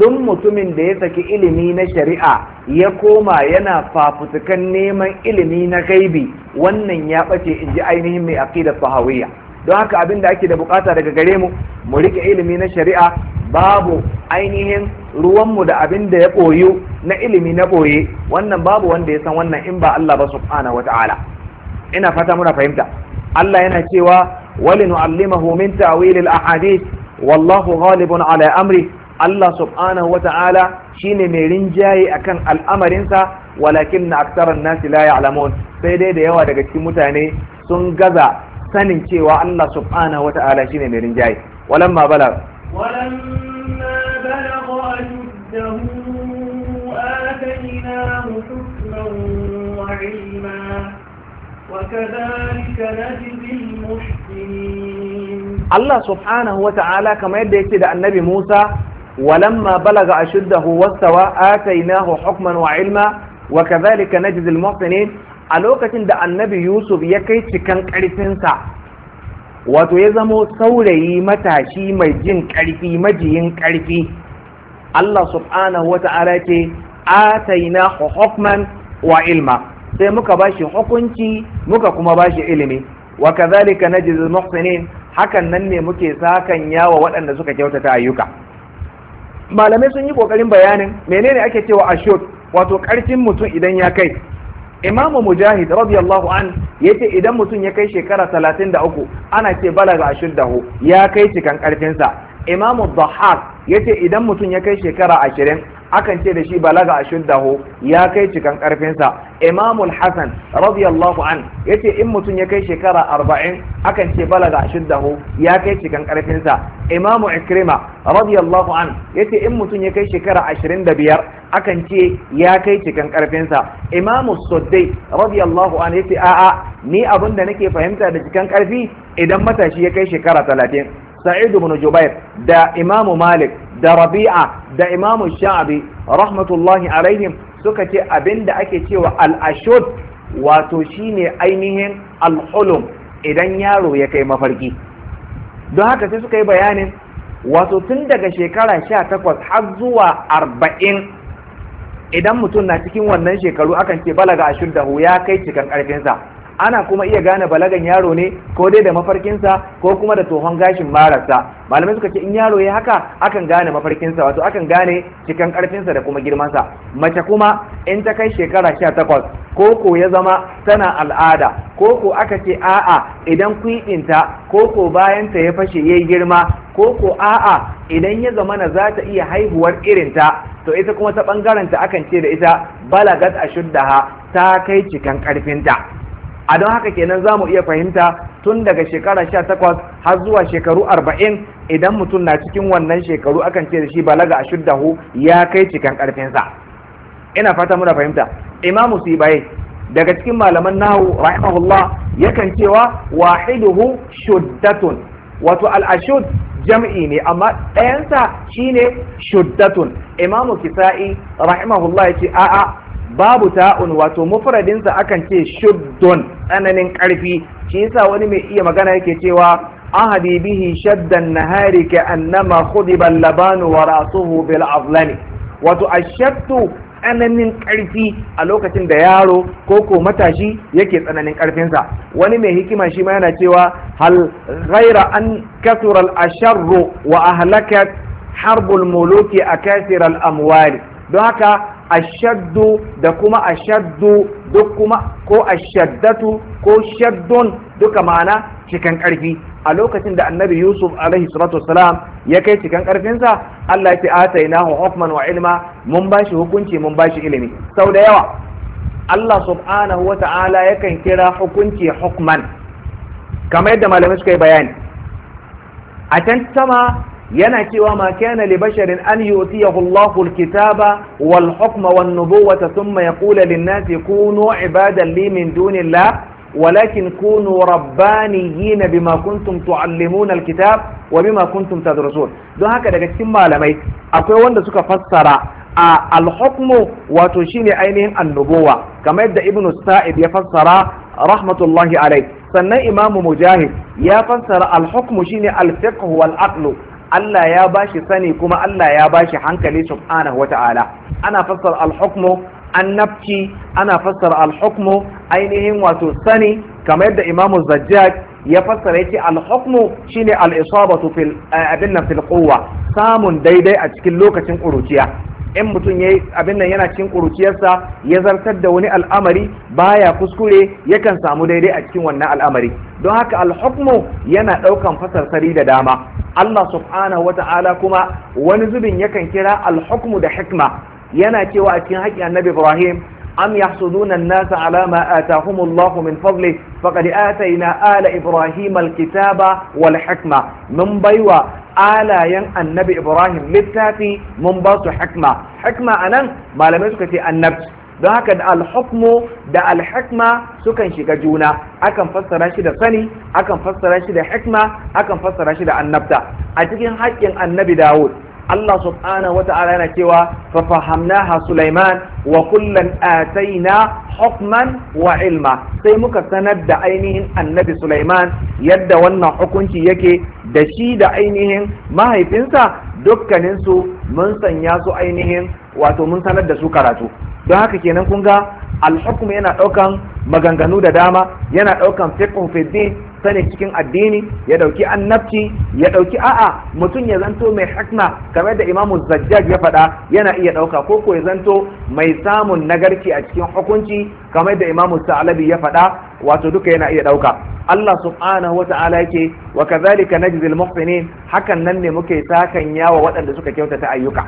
duk mutumin da ya saki ilimi na shari'a ya koma yana fafutukan neman ilimi na gaibi wannan ya bace ji ainihin mai aqidar sahawiyya don haka abin da ake da bukata daga gare mu mu rike ilimi na shari'a babu ainihin ruwanmu da abin da ya ɓoyu na ilimi na ɓoye wannan babu wanda ya san wannan in ba Allah ba subhanahu wa ta'ala ina fata muna fahimta Allah yana cewa walin nu'allimahu min ta'wil al-ahadith wallahu ghalibun ala amri Allah subhanahu wa ta'ala shine mai rinjaye akan al'amarinsa walakin na aktaran nasi la ya'lamun sai dai da yawa daga cikin mutane sun gaza sanin cewa Allah subhanahu wa ta'ala shine mai rinjaye walamma bala walamma عبده آتيناه حكما وعلما وكذلك نجزي المحسنين الله سبحانه وتعالى كما يدعي كده النبي موسى ولما بلغ أشده واستوى آتيناه حكما وعلما وكذلك نجد المحسنين a lokacin da annabi yusuf ya kai cikan ƙarfinsa wato ya zamo saurayi matashi Allah subhanahu wata'ala ce ataina hukman wa ilma sai muka bashi hukunci muka kuma bashi ilimi wa kadhalika najzil muhsinin hakan nan ne muke sakan yawa waɗanda suka kyautata ayyuka malamai sun yi kokarin bayanin menene ake cewa ashur wato karfin mutum idan ya kai imamu mujahid radiyallahu an yace idan mutum ya kai shekara talatin da uku ana ce balaga dahu, ya kai cikan karfinsa imamu dhahab yace idan mutum ya kai shekara ashirin akan ce da shi balaga ashuddahu ya kai cikan karfinsa imamul hasan radiyallahu an yace in mutum ya kai shekara arba'in akan ce balaga ashuddahu ya kai cikan karfinsa imamu ikrima radiyallahu an yace in mutum ya kai shekara ashirin da biyar akan ce ya kai cikan karfinsa imamu suddai radiyallahu an yace a'a ni abin da nake fahimta da cikan karfi idan matashi ya kai shekara talatin Sa'idu ibn jubair da imamu malik da rabi'a da imamu sha'abi rahmatullahi alaihim suka ce abin da ake cewa al-ashud wato shine ainihin al idan yaro ya kai mafarki don haka sai suka yi bayanin wato tun daga shekara sha takwas har zuwa arba'in idan mutum na cikin wannan shekaru akan ce balaga ashuddahu ya kai cikin ƙarfinsa ana kuma iya gane balagan yaro ne ko dai da mafarkinsa ko kuma da tohon gashin marasa, malamai suka ce in yaro ya haka akan gane mafarkinsa wato akan gane cikin karfinsa da kuma girmansa mace kuma in ta kai shekara sha takwas ko ko ya zama tana al'ada ko ko aka ce a'a idan kwiɗinta ko ko bayanta ya fashe ya girma ko ko a'a idan ya zama na za ta iya haihuwar irinta to ita kuma ta ɓangaren ta akan ce da ita balagat ashuddaha ta kai cikan karfinta a don haka kenan za mu iya fahimta tun daga shekara sha takwas har zuwa shekaru arba'in idan mutum na cikin wannan shekaru akan ce da shi balaga a shuddahu ya kai cikin ƙarfinsa ina fata muna fahimta imamu sibaye daga cikin malaman nahu rahimahullah yakan cewa wahiduhu shuddatun wato ashud jam'i ne amma ɗayansa shine shuddatun imamu kisa'i rahimahullah ya ce a'a babu ta'un wato mufradinsa akan ce shuddun tsananin ƙarfi shi yasa wani mai iya magana yake cewa ahadi bihi shaddan nahari ke annama kudi labanu wa rasuhu bil azlami wato tsananin ƙarfi a lokacin da yaro ko ko matashi yake tsananin ƙarfinsa wani mai hikima shi ma yana cewa hal ghaira an kasura al-asharru wa ahlakat harbul muluki akasir al-amwali don haka ashaddu da kuma ashaddu duk kuma ko ashaddatu ko shaddun duka ma'ana cikin karfi a lokacin da annabi yusuf alaihi salatu wasalam ya kai cikin karfinsa allah ya ce atainahu hukman wa ilma mun bashi hukunci mun bashi ilimi sau da yawa allah subhanahu wa ta'ala yakan kira hukunci hukman kamar yadda malamai suka yi bayani a can sama yana cewa ma kana li basharin an yu'tiyahu Allahu al-kitaba wal hukma wan nubuwata thumma yaqulu lin-nasi kunu ibadan li min dunillah walakin kunu rabbaniyina bima kuntum tu'allimuna al wa bima kuntum tadrusun don haka daga cikin malamai akwai wanda suka fassara a alhukmu wato shine ainihin annubuwa kamar yadda ibnu sa'id ya fassara rahmatullahi alayh sannan imamu mujahid ya fassara alhukmu shine al-fiqh wal aqlu Allah ya bashi sani kuma Allah ya bashi hankali subhanahu wata'ala ana fassara al-hukmu annabci ana fassara al-hukmu ainihin wato sani kamar yadda Imam Zajjaj ya fassara yace al-hukmu shine al-isabatu fil eh, abin nan fil quwwa samun daidai a cikin lokacin kuruciya in mutum yayi abin nan yana cikin ƙuruciyarsa ya zartar da wani al'amari baya kuskure yakan samu daidai a cikin wannan al'amari don haka alhukmu yana ɗaukan fasarsari da dama Allah subhanahu ta'ala kuma wani zubin yakan kira al-hukmu da hikma yana cewa a cikin haƙƙin annabi Ibrahim am yahsuduna an-nasa ala ma atahum min fadli faqad atayna ala Ibrahim alkitaba wal hikma mun baiwa alayen annabi Ibrahim littafi mun ba su hikma hikma anan malamai suka ce don haka da alhukmu da alhikma sukan shiga juna akan fassara shi da sani akan fassara shi da hikma akan fassara shi da annabta a cikin haƙƙin annabi dawud Allah subhanahu wa ta'ala yana cewa fa fahamnaha Sulaiman wa kullan ataina hukman wa ilma sai muka sanar da ainihin annabi Sulaiman yadda wannan hukunci yake da shi da ainihin mahaifinsa dukkaninsu mun sanya su ainihin wato mun sanar da su karatu don haka kenan kun ga al yana daukan maganganu da dama yana daukan fiqh fi din sani cikin addini ya dauki annabci ya dauki a'a mutum ya zanto mai hikma kamar da imamu zajjaj ya faɗa yana iya dauka ko ko ya zanto mai samun nagarki a cikin hukunci kamar da imamu sa'alabi ya faɗa wato duka yana iya dauka Allah subhanahu wa ta'ala yake wa kadhalika najzil muhsinin hakan nan ne muke sakan yawa waɗanda suka kyautata ayyuka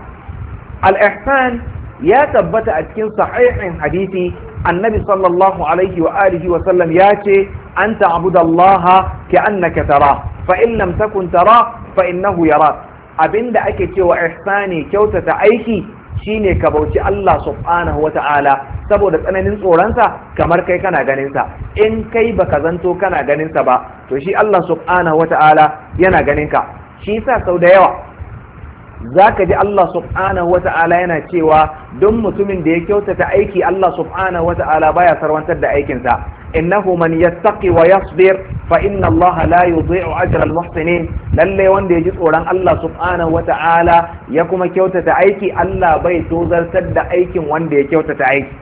al-ihsan ya tabbata a cikin sahihin hadisi annabi sallallahu alaihi wa alihi wa sallam ya ce an ta'budallaha ka annaka tara fa in lam takun tara fa innahu yara. abinda ake cewa ihsani kyautata aiki shine ka bauci Allah subhanahu wata'ala saboda tsananin tsoronsa kamar kai kana ganinsa in kai baka zanto kana ganinsa ba to shi Allah subhanahu wata'ala yana ganinka shi sa sau da yawa za ka ji Allah subhanahu wata'ala yana cewa don mutumin da ya kyautata aiki Allah subhanahu wata'ala baya sarwantar da aikinsa innahu man yattaqi wa yasbir fa inna Allah la yudhi'u ajra al-muhsinin lalle wanda ya ji tsoron Allah subhanahu wata'ala ya kuma kyautata aiki Allah bai tozartar da aikin wanda ya kyautata aiki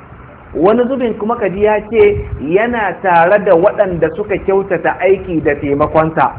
wani zubin kuma kaji ya ce yana tare da waɗanda suka kyautata aiki da taimakonsa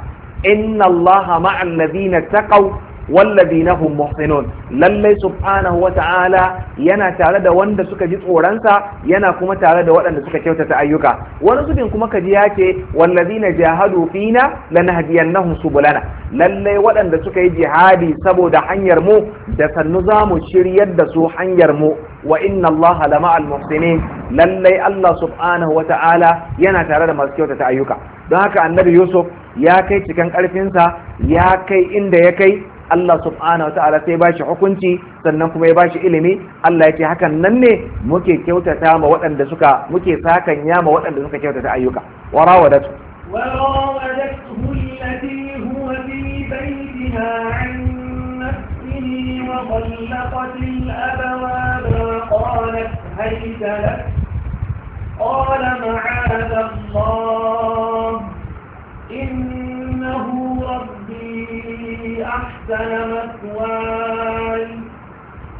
inna Allah ma'an ladina taqaw wallazi هم muhsinun lallai سبحانه وتعالى yana tare da wanda suka ji tsoronsa yana kuma tare da waɗanda suka kyautata ayyuka wani zubin kuma ka ji yake na jahadu fina lanahdiyannahum subulana lallai waɗanda suka yi jihadi saboda hanyar mu da sannu za mu shiryar da su hanyar mu wa inna allaha lama'al muhsinin lallai Allah subhanahu wa ta'ala yana tare da masu kyautata ayyuka don haka annabi Yusuf ya kai cikin ƙarfinsa ya kai inda ya kai Allah subhanahu wa ta'ala sai bashi hukunci sannan kuma ya bashi ilimi Allah yake hakan nan ne muke kyautata ma waɗanda suka muke sakan ya ma waɗanda suka kyautata ayyuka wa rawadatu wa rawadatu allati huwa fi baytiha an wa qallaqat al-abwab wa qalat hayta lak qala ma'ada Allah innahu rabbi أحسن مثواي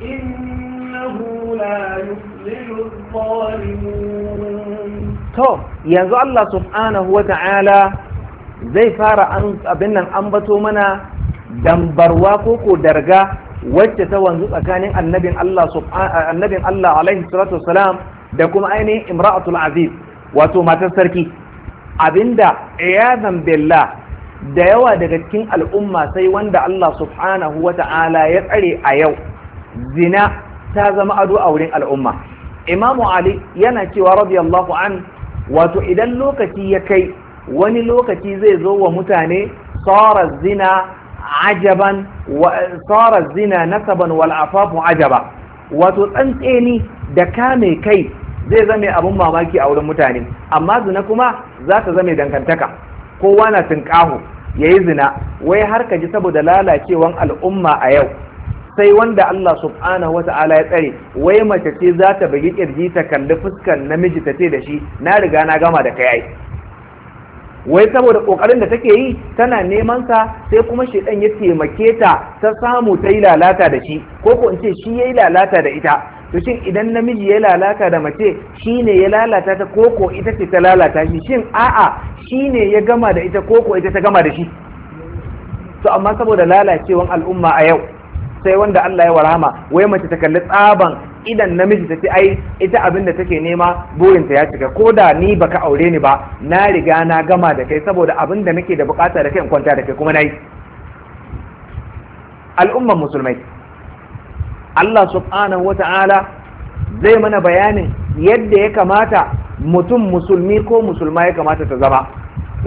إنه لا يفلح الظالمون yanzu Allah subhanahu ta'ala zai fara abin nan an bato mana dambarwa ko ko darga wacce ta wanzu tsakanin annabin Allah annabin Allah alaihi salatu da kuma ainihin imra'atul aziz wato matar sarki abinda iyadan billah da yawa daga cikin al'umma sai wanda Allah subhanahu wa ta'ala ya tsare a yau zina ta zama ado a wurin al'umma imamu ali yana cewa radiyallahu an wato idan lokaci ya kai wani lokaci zai zo wa mutane tsara zina ajaban tsara zina nasaban afafu ajaba wato tsantseni da kame kai zai zame abin mamaki a wurin mutane amma zina kuma za ta zame dangantaka kowa na tunƙaho ya yi zina wai har ka ji saboda lalacewan al'umma a yau sai wanda Allah subhanahu wa ta'ala ya tsare wai mace ce za ta bugi kirji ta kalli fuskar namiji ta ce da shi na riga na gama da kai wai saboda kokarin da take yi tana neman sa sai kuma shedan ya taimake ta ta samu ta yi lalata da shi ko ko in ce shi yayi lalata da ita to shin idan namiji ya lalata da mace shi ne ya lalata ta koko ita ce ta lalata shi shin a'a shi ne ya gama da ita koko ita ta gama da shi to amma saboda lalacewan al'umma a yau sai wanda Allah ya warama wai mace ta kalli tsaban idan namiji ta ce ai ita abin da take nema burinta ya cika ko da ni baka aure ni ba na riga na gama da kai saboda abin da nake da bukata da kai in kwanta da kai kuma nayi al'umman musulmai Allah subhanahu wa ta'ala zai mana bayanin yadda ya kamata mutum musulmi ko musulma ya kamata ta zama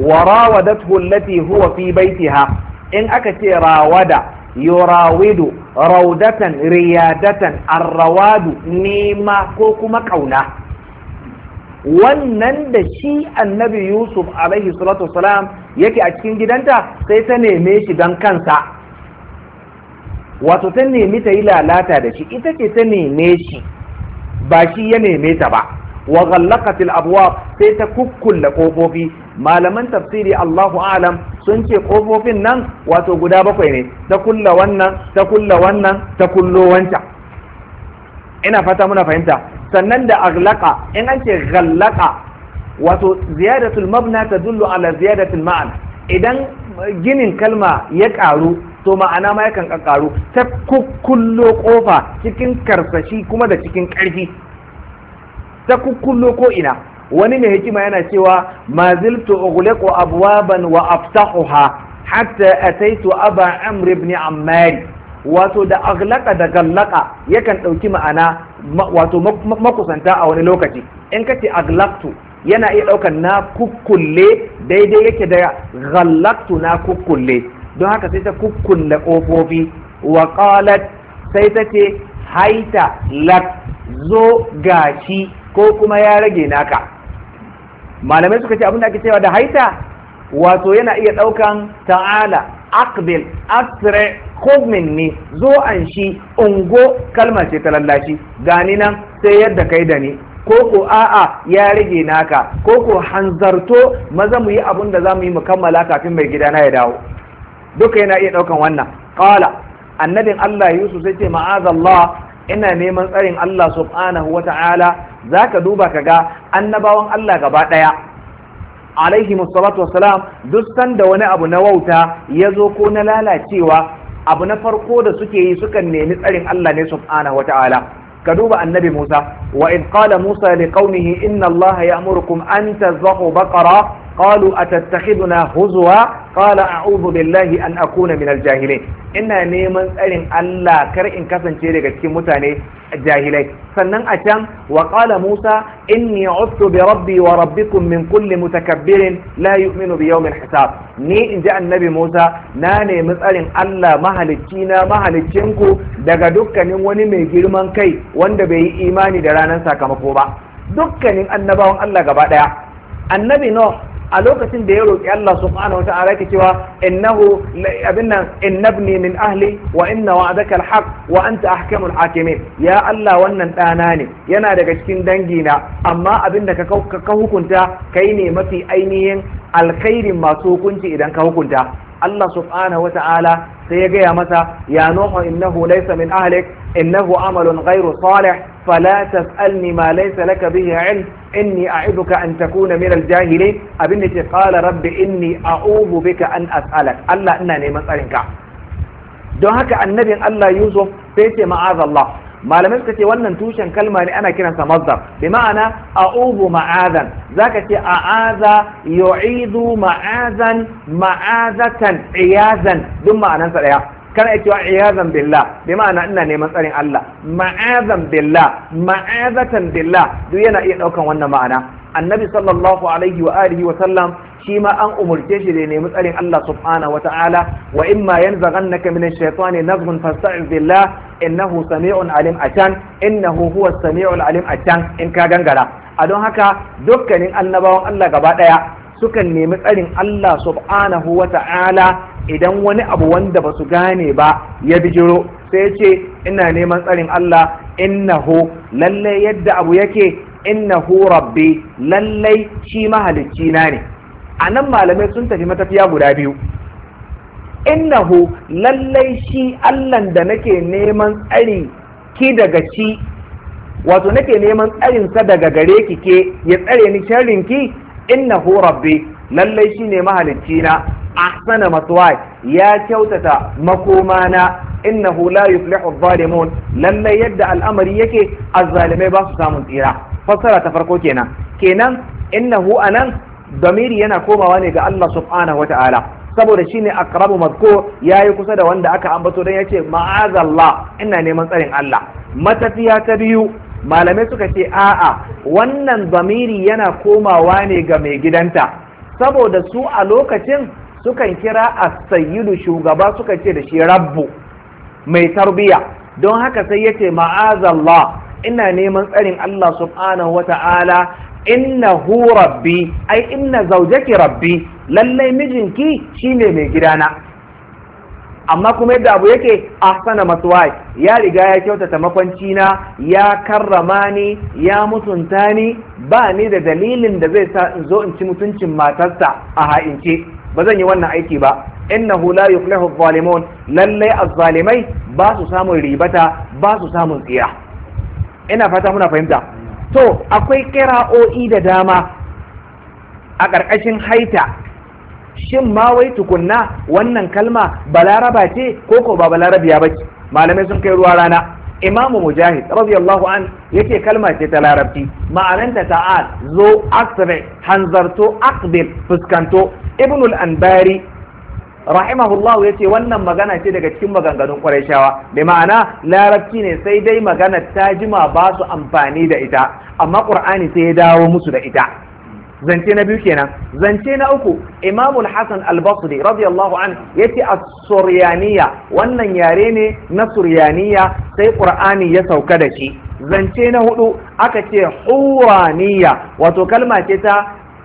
warawadat rawadathu huwa fi baitiha in aka ce rawada yurawidu raudatan riyadatan arrawadu nema ko kuma kauna wannan da shi annabi yusuf alaihi salatu wasalam yake a cikin gidanta sai ta neme shi don kansa wato ta nemi ta yi lalata da shi ita ce ta neme shi ba shi ya neme ta ba wa ghallaqatil abwab sai ta kukkulle kofofi malaman tafsiri Allahu alam sun ce kofofin nan wato guda bakwai ne ta kulla wannan ta kulla wannan ta kullo wancan ina fata muna fahimta sannan da aghlaqa in an ce ghallaqa wato ziyadatul mabna tadullu ala ziyadatul ma'an idan ginin kalma ya karu to ma'ana ma yakan ƙaƙaru ta kukkullo ƙofa cikin karsashi kuma da cikin ƙarfi ta kukkullo ko wani mai hikima yana cewa ma ziltu ughliqu abwaban wa aftahuha hatta ataitu aba amr ibn ammari wato da aghlaqa da gallaka yakan ɗauki ma'ana wato makusanta a wani lokaci in kace aglaqtu yana iya ɗaukar na kukkulle daidai yake da gallaktu na kukkulle don haka sai ta kukkulle ƙofofi wa qalat sai ta ce haita lak zo gashi ko kuma ya rage naka malamai suka ce abinda ake cewa da haita wato yana iya ɗaukan ta'ala akbil asre kogmin ne zo an shi ungo kalmar ce ta lallashi gani nan sai yadda kai da ni ko ko a'a ya rage naka ko ko hanzarto maza mu yi abin da za mu yi mu kammala kafin mai gidana ya dawo duka yana iya ɗaukan wannan qala annabin Allah Yusuf sai ce ma'azallah ina neman tsarin Allah subhanahu wa ta'ala za ka duba ka ga annabawan Allah gaba ɗaya alaihi musallatu wassalam duk sanda wani abu na wauta ya zo ko na lalacewa abu na farko da suke yi sukan nemi tsarin Allah ne subhanahu wa ta'ala ka duba annabi Musa wa in qala Musa li qaumihi inna Allah ya'murukum an tazbahu baqara قالوا أتتخذنا هزوا قال أعوذ بالله أن أكون من الجاهلين إنا نيمن أرين الله كر إن كسن شيرك كمتاني الجاهلين سنن أتم وقال موسى إني عدت بربي وربكم من كل متكبر لا يؤمن بيوم الحساب ني إن جاء النبي موسى ناني مسألين الله مهلكينا مهلكينكو daga dukkanin wani mai girman kai wanda bai yi imani da ranar sakamako ba dukkanin annabawan Allah gaba daya annabi Nuh a lokacin da ya roƙi Allah subhanahu wa ta'ala yake cewa innahu abin nan innabni min ahli wa inna wa'adaka alhaq wa anta ahkamul hakimin ya Allah wannan ɗana ne yana daga cikin dangina amma abin da ka hukunta kai ne mafi ainihin alkhairin masu hukunci idan ka hukunta Allah subhanahu wa ta'ala sai ya gaya masa ya nuhu innahu laysa min ahlik innahu amalun ghairu salih fala tas'alni ma laysa laka bihi ilm inni a'iduka an takuna min al-jahilin abin da ce qala rabbi inni a'udhu bika an as'alak Allah ina neman tsarin ka don haka annabi Allah Yusuf sai ce ma'azallah malamai suka ce wannan tushen kalma ne ana kiransa mazdar bi ma'ana a'udhu ma'azan zaka ce a'aza yu'idu ma'azan ma'azatan iyazan duk ma'anansa ɗaya. kana cewa iyazan billah bi ma'ana ina neman tsarin Allah ma'azan billah ma'azatan billah duk yana iya daukan wannan ma'ana annabi sallallahu alaihi wa alihi wa sallam shi ma an umurce shi da nemi tsarin Allah subhanahu wa ta'ala wa imma yanzaghannaka min ash-shaytani nazghun fasta'iz billah innahu sami'un alim atan innahu huwa as-sami'ul alim atan in ka gangara a don haka dukkanin annabawan Allah gaba daya sukan nemi tsarin Allah subhanahu wa ta'ala idan wani abu wanda ba su gane ba ya bijiro sai ce ina neman tsarin Allah innahu lalle yadda abu yake innahu rabbi lallai shi mahalicci na ne a nan malamai sun tafi matafiya guda biyu innahu lallai shi Allah da nake neman tsari ki daga shi wato nake neman tsarin sa daga gare ki ke ya tsare ni sharrin ki innahu rabbi lallai shi ne mahalicci na ahsana maswaya ya kyautata makomana innahu la yuflihu adh-dhalimun lalle yadda al'amari yake azzalimai ba su samun tsira fassara ta farko kenan kenan innahu anan damiri yana komawa ne ga Allah subhanahu wata'ala saboda shine aqrabu mazkur yayi kusa da wanda aka ambato dan yace ma'azallah ina neman tsarin Allah matafiya ta biyu malamai suka ce a'a wannan zamiri yana komawa ne ga mai gidanta saboda su a lokacin sukan kira as-sayyidu shugaba suka ce da shi rabbu mai tarbiya don haka sai ya ce ma'azallah ina neman tsarin Allah subhanahu wata'ala hu rabbi ai inna zaujaki rabbi lallai mijinki shine mai gidana amma kuma yadda abu yake ahsana maswai ya riga ya kyautata makwanci na ya karrama ni ya mutunta ni ba ni da dalilin da zai sa in zo in ci mutuncin matarsa a ha'ince ba zan yi wannan aiki ba innahu la yuflihu zalimun lalle azzalimai ba su samun ribata ba su samun tsira ina fata muna fahimta to akwai kira'o'i da dama a ƙarƙashin haita shin ma wai tukunna wannan kalma balaraba ce ko ko ba balarabiya ba malamai sun kai ruwa rana imamu mujahid radiyallahu an yake kalma ce ta larabci ma'ananta ta'al zo aksare hanzarto akbil fuskanto Ibnul anbari rahimahullah ya ce wannan magana ce daga cikin maganganun ƙwarashawa. da ma'ana larabci ne sai dai magana ta jima ba su amfani da ita amma ƙur'ani sai ya dawo musu da ita zance na biyu kenan zance na uku imamul hassan al-basri radiyallahu an ce a suryaniya wannan yare ne na suryaniya sai qur'ani ya sauka da shi zance na hudu aka ce huraniya wato kalma ce ta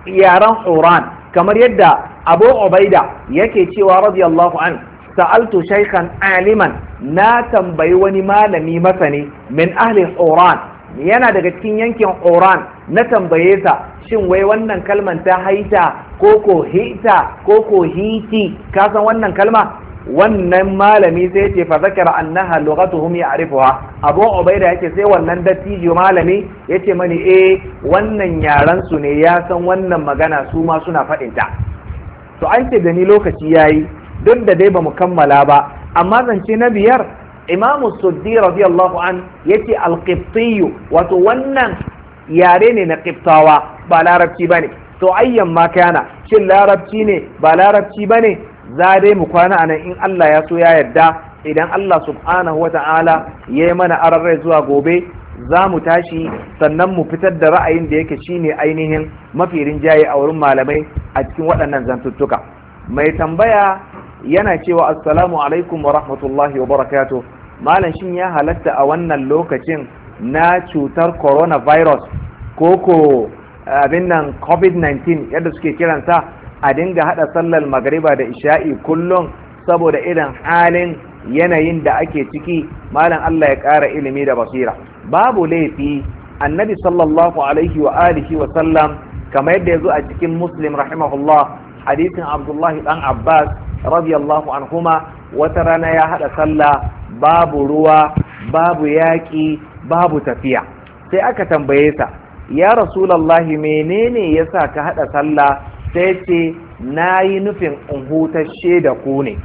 yaren huran kamar yadda abu ubaida yake cewa radiyallahu an sa'altu shaykhan aliman na tambayi wani malami masani min ahli huran yana daga cikin yankin oran na tambaye ta. shin wai wannan kalman ta haita ko ko hita ko ko hiti ka san wannan kalma wannan malami sai ce fa zakara annaha lughatuhum ya'rifuha abu ubaida yake sai wannan dattijo malami yace mani eh wannan yaran su ne ya san wannan magana su ma suna faɗin ta to an ce da ni lokaci yayi duk da dai bamu kammala ba amma zance na biyar imamu suddi radiyallahu an yace al wato wannan yare ne na qibtawa ba larabci ba ne to ayyan ma kana shin larabci ne ba larabci ba ne za dai mu kwana a nan in Allah ya so ya yarda idan Allah subhanahu wa ta'ala ya yi mana ararrai zuwa gobe za mu tashi sannan mu fitar da ra'ayin da yake shine ainihin mafi rinjaye a wurin malamai a cikin waɗannan zantuttuka mai tambaya yana cewa assalamu alaikum wa rahmatullahi wa barakatuh malam shin ya halatta a wannan lokacin na cutar coronavirus ko ko abin nan covid-19 yadda suke kiransa a dinga hada sallar magariba da isha'i kullum saboda irin halin yanayin da ake ciki malam Allah ya ƙara ilimi da basira babu laifi annabi sallallahu alaihi wa alihi wa sallam kamar yadda ya zo a cikin muslim rahimahullah hadisin abdullahi dan abbas radiyallahu anhuma wata rana ya hada sallah babu ruwa babu yaƙi babu tafiya sai aka tambaye sa ya rasulallahi menene ya sa ka haɗa sallah sai ce na yi nufin in hutashe da ku ne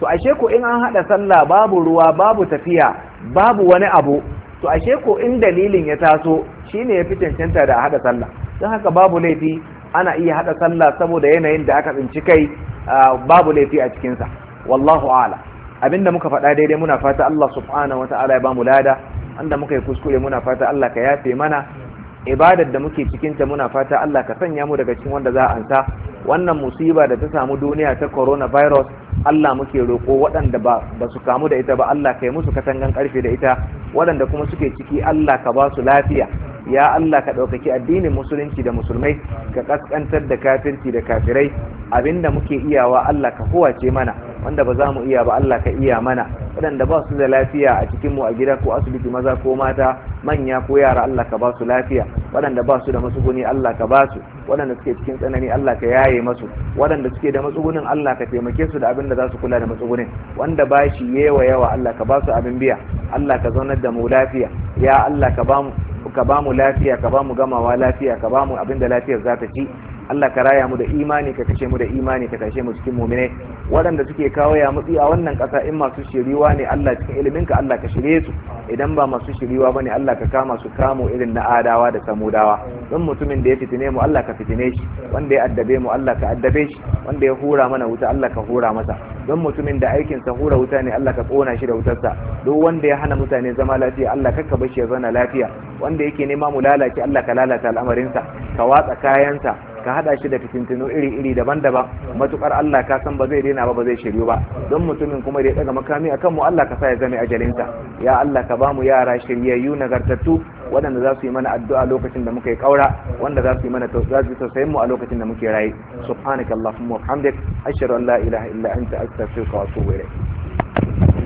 to ashe ko in an haɗa sallah babu ruwa babu tafiya babu wani abu to ashe ko in dalilin ya taso shi ne ya fi cancanta da haɗa sallah don haka babu laifi ana iya haɗa sallah saboda yanayin da aka tsinci kai babu laifi a cikinsa wallahu ala Abin da muka faɗa daidai muna fata Allah subhanahu wa ta'ala ya bamu lada anda muka yi kuskure muna fata Allah ka yafe mana ibadar da muke cikinta muna fata Allah ka sanya mu daga cikin wanda za a ansa wannan musiba da ta samu duniya ta coronavirus Allah muke roƙo waɗanda ba ba su kamu da ita ba Allah ka yi musu katangan karfe da ita waɗanda kuma suke ciki Allah ka ba su lafiya ya Allah ka ɗaukaki addinin musulunci da musulmai ka ƙasƙantar da kafirci da kafirai abinda muke iyawa Allah ka kowace mana wanda ba za mu iya ba Allah ka iya mana waɗanda ba su da lafiya a cikin mu a gida ko asibiti maza ko mata manya ko yara Allah ka ba su lafiya waɗanda ba su da matsuguni Allah ka ba su waɗanda suke cikin tsanani Allah ka yaye masu waɗanda suke da matsugunin Allah ka taimake su da abin da za su kula da matsugunin wanda ba shi yawa yawa Allah ka ba su abin biya Allah ka zaunar da mu lafiya ya Allah ka ba mu ka ba mu lafiya ka ba mu gamawa lafiya ka ba mu abin lafiyar za ta ci Allah ka raya mu da imani ka kashe mu da imani ka tashe mu cikin mu'mine waɗanda suke kawo ya mutsi a wannan ƙasa in masu shiriwa ne Allah cikin ilimin ka Allah ka shirye su idan ba masu shiriwa bane Allah ka kama su kamo irin na adawa da samudawa don mutumin da ya fitine mu Allah ka fitine shi wanda ya addabe mu Allah ka addabe shi wanda ya hura mana wuta Allah ka hura masa don mutumin da aikin sa hura wuta ne Allah ka kona shi da wutarsa duk wanda ya hana mutane zama lafiya Allah ka bar ya zauna lafiya wanda yake nema mu lalace Allah ka lalata sa ka watsa kayansa ka hada shi da fitintinu iri-iri daban-daban matukar Allah ka san ba zai daina ba ba zai shiryu ba don mutumin kuma da ya daga makami akan mu Allah ka sa ya zame ajalinta ya Allah ka bamu yara shiryayyu nagartattu waɗanda za su yi mana addu'a lokacin da muka yi ƙaura wanda za su yi mana tausayin mu a lokacin da muke raye subhanaka allahumma wa hamdik ashhadu an la ilaha illa anta astaghfiruka wa atubu ilayk